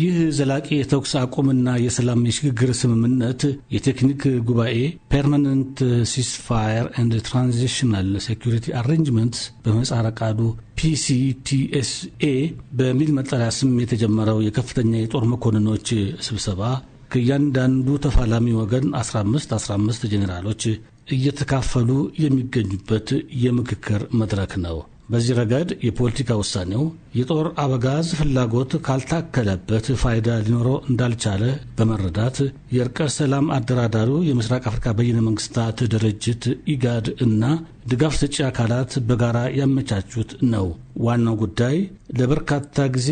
ይህ ዘላቂ የተኩስ አቁምና የሰላም የሽግግር ስምምነት የቴክኒክ ጉባኤ ፐርማነንት ሲስፋየር ኤንድ ትራንዚሽናል ሴኩሪቲ አሬንጅመንት በመጻረ ቃሉ ፒሲቲኤስኤ በሚል መጠሪያ ስም የተጀመረው የከፍተኛ የጦር መኮንኖች ስብሰባ ከእያንዳንዱ ተፋላሚ ወገን 15 15 ጄኔራሎች እየተካፈሉ የሚገኙበት የምክክር መድረክ ነው። በዚህ ረገድ የፖለቲካ ውሳኔው የጦር አበጋዝ ፍላጎት ካልታከለበት ፋይዳ ሊኖረው እንዳልቻለ በመረዳት የእርቀ ሰላም አደራዳሪው የምስራቅ አፍሪካ በይነ መንግስታት ድርጅት ኢጋድ እና ድጋፍ ሰጪ አካላት በጋራ ያመቻቹት ነው። ዋናው ጉዳይ ለበርካታ ጊዜ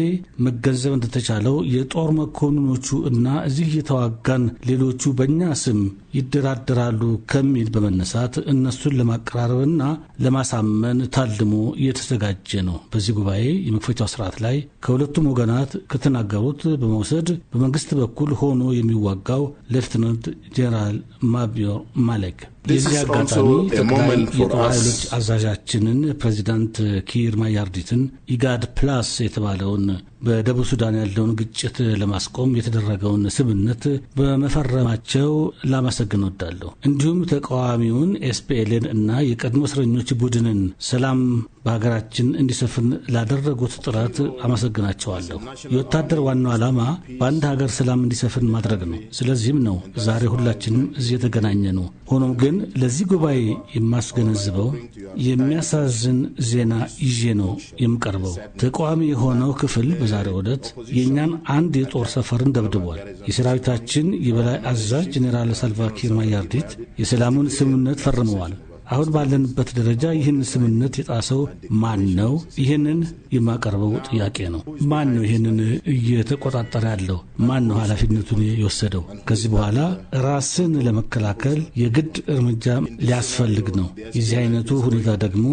መገንዘብ እንደተቻለው የጦር መኮንኖቹ እና እዚህ የተዋጋን ሌሎቹ በእኛ ስም ይደራደራሉ ከሚል በመነሳት እነሱን ለማቀራረብና ለማሳመን ታልሞ እየተዘጋጀ ነው። በዚህ ጉባኤ የእፎይታ ስርዓት ላይ ከሁለቱም ወገናት ከተናገሩት በመውሰድ በመንግስት በኩል ሆኖ የሚዋጋው ሌፍትናንት ጄኔራል ማቢዮር ማሌክ የዚህ አጋጣሚ ጠቅላይ የጦር ኃይሎች አዛዣችንን ፕሬዚዳንት ኪር ማያርዲትን ኢጋድ ፕላስ የተባለውን በደቡብ ሱዳን ያለውን ግጭት ለማስቆም የተደረገውን ስምምነት በመፈረማቸው ላመሰግን ወዳለሁ። እንዲሁም ተቃዋሚውን ኤስፒኤልን እና የቀድሞ እስረኞች ቡድንን ሰላም በሀገራችን እንዲሰፍን ላደረጉት ጥረት አመሰግናቸዋለሁ። የወታደር ዋናው ዓላማ በአንድ ሀገር ሰላም እንዲሰፍን ማድረግ ነው። ስለዚህም ነው ዛሬ ሁላችንም እዚህ የተገናኘ ነው። ሆኖም ግን ግን ለዚህ ጉባኤ የማስገነዝበው የሚያሳዝን ዜና ይዤ ነው የምቀርበው። ተቃዋሚ የሆነው ክፍል በዛሬው ዕለት የእኛን አንድ የጦር ሰፈርን ደብድቧል። የሰራዊታችን የበላይ አዛዥ ጄኔራል ሳልቫኪር ማያርዲት የሰላሙን ስምምነት ፈርመዋል። አሁን ባለንበት ደረጃ ይህን ስምምነት የጣሰው ማን ነው? ይህንን የማቀርበው ጥያቄ ነው። ማን ነው ይህንን እየተቆጣጠረ ያለው? ማን ነው ኃላፊነቱን የወሰደው? ከዚህ በኋላ ራስን ለመከላከል የግድ እርምጃ ሊያስፈልግ ነው። የዚህ አይነቱ ሁኔታ ደግሞ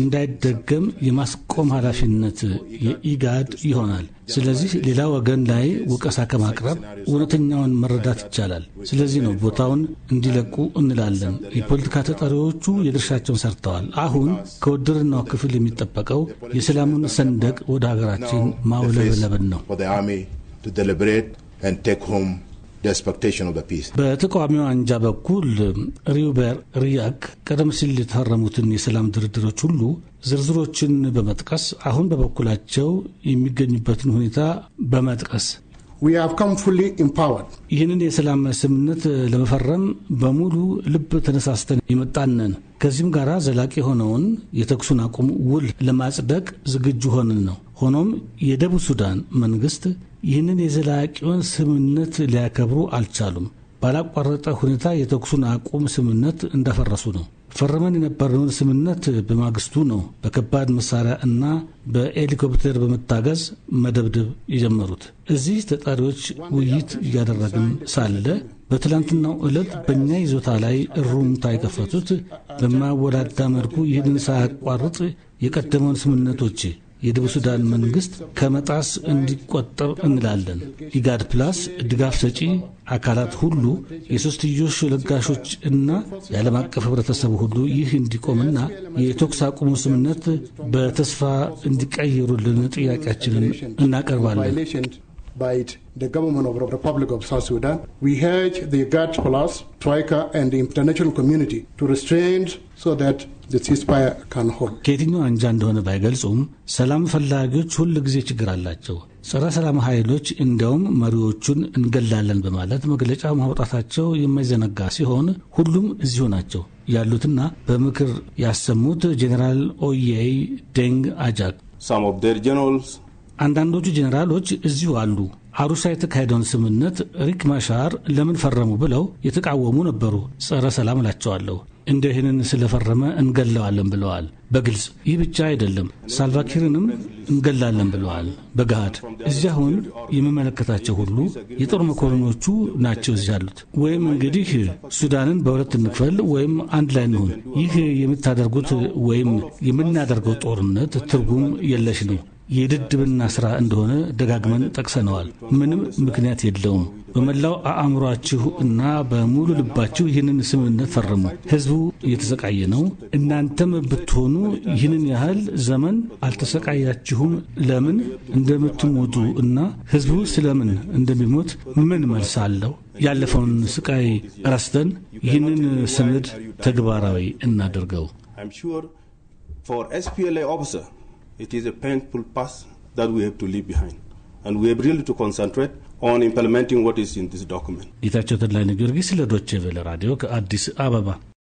እንዳይደገም የማስቆም ኃላፊነት የኢጋድ ይሆናል። ስለዚህ ሌላ ወገን ላይ ወቀሳ ከማቅረብ እውነተኛውን መረዳት ይቻላል። ስለዚህ ነው ቦታውን እንዲለቁ እንላለን። የፖለቲካ ተጠሪዎቹ የድርሻቸውን ሰርተዋል። አሁን ከውድርናው ክፍል የሚጠበቀው የሰላሙን ሰንደቅ ወደ ሀገራችን ማውለበለብን ነው። በተቃዋሚው አንጃ በኩል ሪዩበር ሪያክ ቀደም ሲል የተፈረሙትን የሰላም ድርድሮች ሁሉ ዝርዝሮችን በመጥቀስ አሁን በበኩላቸው የሚገኙበትን ሁኔታ በመጥቀስ ይህንን የሰላም ስምምነት ለመፈረም በሙሉ ልብ ተነሳስተን የመጣንን ከዚህም ጋር ዘላቂ የሆነውን የተኩሱን አቁም ውል ለማጽደቅ ዝግጁ ሆንን ነው። ሆኖም የደቡብ ሱዳን መንግስት ይህንን የዘላቂውን ስምምነት ሊያከብሩ አልቻሉም። ባላቋረጠ ሁኔታ የተኩሱን አቁም ስምምነት እንዳፈረሱ ነው። ፈርመን የነበረውን ስምምነት በማግስቱ ነው በከባድ መሳሪያ እና በሄሊኮፕተር በመታገዝ መደብደብ የጀመሩት። እዚህ ተጠሪዎች ውይይት እያደረግን ሳለ በትላንትናው ዕለት በእኛ ይዞታ ላይ እሩምታ የከፈቱት በማወላዳ መልኩ ይህንን ሳያቋርጥ የቀደመውን ስምምነቶች የደቡብ ሱዳን መንግስት ከመጣስ እንዲቆጠብ እንላለን። ኢጋድ ፕላስ ድጋፍ ሰጪ አካላት ሁሉ የሶስትዮሽ ለጋሾች እና የዓለም አቀፍ ህብረተሰብ ሁሉ ይህ እንዲቆምና የተኩስ አቁሙ ስምነት በተስፋ እንዲቀይሩልን ጥያቄያችንን እናቀርባለን። by the government of the Republic of South Sudan, we urge the GATT Plus, Troika, and the international community to restrain so that the ceasefire can hold. ከየትኛው አንጃ እንደሆነ ባይገልጹም ሰላም ፈላጊዎች ሁል ጊዜ ችግር አላቸው። ጸረ ሰላም ኃይሎች እንዲያውም መሪዎቹን እንገላለን በማለት መግለጫ ማውጣታቸው የማይዘነጋ ሲሆን ሁሉም እዚሁ ናቸው ያሉትና በምክር ያሰሙት ጄኔራል ኦያይ ደንግ አጃክ Some of their generals አንዳንዶቹ ጄኔራሎች እዚሁ አሉ። አሩሳ የተካሄደውን ስምምነት ሪክ ማሻር ለምን ፈረሙ ብለው የተቃወሙ ነበሩ። ጸረ ሰላም እላቸዋለሁ። እንደ ይህንን ስለፈረመ እንገለዋለን ብለዋል በግልጽ። ይህ ብቻ አይደለም፣ ሳልቫኪርንም እንገላለን ብለዋል በገሃድ። እዚህ አሁን የምመለከታቸው ሁሉ የጦር መኮንኖቹ ናቸው እዚህ ያሉት። ወይም እንግዲህ ሱዳንን በሁለት እንክፈል ወይም አንድ ላይ እንሁን። ይህ የምታደርጉት ወይም የምናደርገው ጦርነት ትርጉም የለሽ ነው። የድድብና ስራ እንደሆነ ደጋግመን ጠቅሰነዋል። ምንም ምክንያት የለውም። በመላው አእምሯችሁ እና በሙሉ ልባችሁ ይህንን ስምምነት ፈርሙ። ህዝቡ እየተሰቃየ ነው። እናንተም ብትሆኑ ይህንን ያህል ዘመን አልተሰቃያችሁም። ለምን እንደምትሞቱ እና ህዝቡ ስለምን እንደሚሞት ምን መልስ አለው? ያለፈውን ስቃይ ረስተን ይህንን ሰነድ ተግባራዊ እናደርገው። It is a painful past that we have to leave behind. And we have really to concentrate on implementing what is in this document. ጌታቸው ጊዮርጊስ ለዶቼ ቬለ ራዲዮ ከአዲስ አበባ